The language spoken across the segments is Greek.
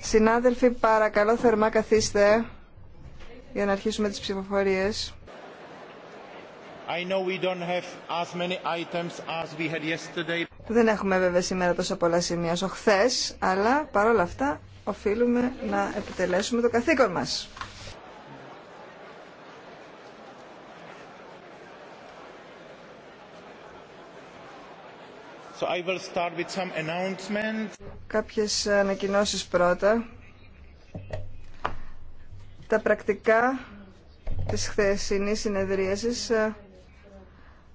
Συνάδελφοι, παρακαλώ θερμά καθίστε για να αρχίσουμε τις ψηφοφορίες. Δεν έχουμε βέβαια σήμερα τόσο πολλά σημεία όσο χθες, αλλά παρόλα αυτά οφείλουμε να επιτελέσουμε το καθήκον μας. κάποιες ανακοινώσεις πρώτα. Τα πρακτικά της χθεσινής συνεδρίασης ε,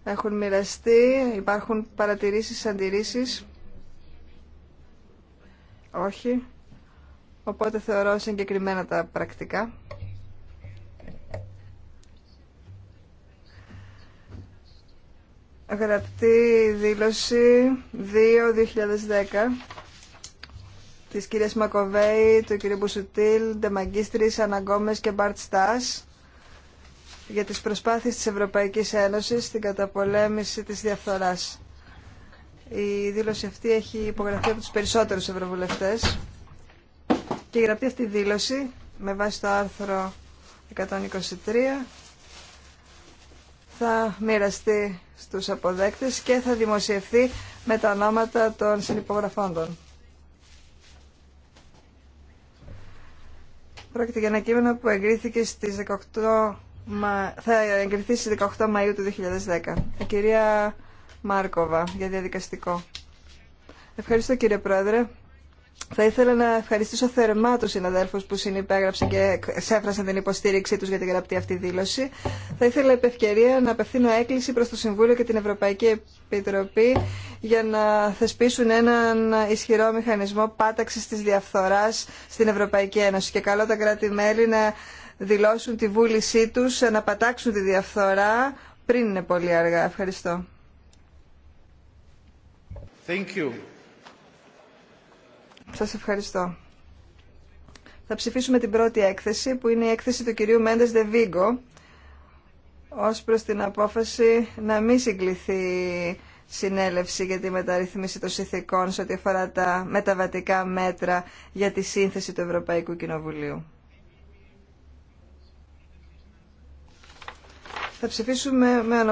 έχουν μοιραστεί, υπάρχουν παρατηρήσεις, αντιρρήσεις. Όχι. Οπότε θεωρώ συγκεκριμένα τα πρακτικά. γραπτή δήλωση 2-2010 της κυρίας Μακοβέη, του κυρίου Μπουσουτήλ, Ντεμαγκίστρης, Αναγκόμες και Μπαρτ Στάς για τις προσπάθειες της Ευρωπαϊκής Ένωσης στην καταπολέμηση της διαφθοράς. Η δήλωση αυτή έχει υπογραφεί από τους περισσότερους ευρωβουλευτές και η γραπτή αυτή δήλωση με βάση το άρθρο 123 θα μοιραστεί στους αποδέκτες και θα δημοσιευθεί με τα ονόματα των συνυπογραφόντων. Πρόκειται για ένα κείμενο που εγκρίθηκε στις 18 θα εγκριθεί στις 18 Μαΐου του 2010. Η κυρία Μάρκοβα για διαδικαστικό. Ευχαριστώ κύριε Πρόεδρε. Θα ήθελα να ευχαριστήσω θερμά του συναδέλφους που συνυπέγραψαν και εξέφρασαν την υποστήριξή του για την γραπτή αυτή δήλωση. Θα ήθελα επ' ευκαιρία να απευθύνω έκκληση προ το Συμβούλιο και την Ευρωπαϊκή Επιτροπή για να θεσπίσουν έναν ισχυρό μηχανισμό πάταξης τη διαφθοράς στην Ευρωπαϊκή Ένωση και καλό τα κράτη-μέλη να δηλώσουν τη βούλησή του να πατάξουν τη διαφθορά πριν είναι πολύ αργά. Ευχαριστώ. Thank you. Σας ευχαριστώ. Θα ψηφίσουμε την πρώτη έκθεση, που είναι η έκθεση του κυρίου Μέντες Δεβίγκο, ως προς την απόφαση να μην συγκληθεί συνέλευση για τη μεταρρύθμιση των συνθηκών σε ό,τι αφορά τα μεταβατικά μέτρα για τη σύνθεση του Ευρωπαϊκού Κοινοβουλίου. Θα ψηφίσουμε με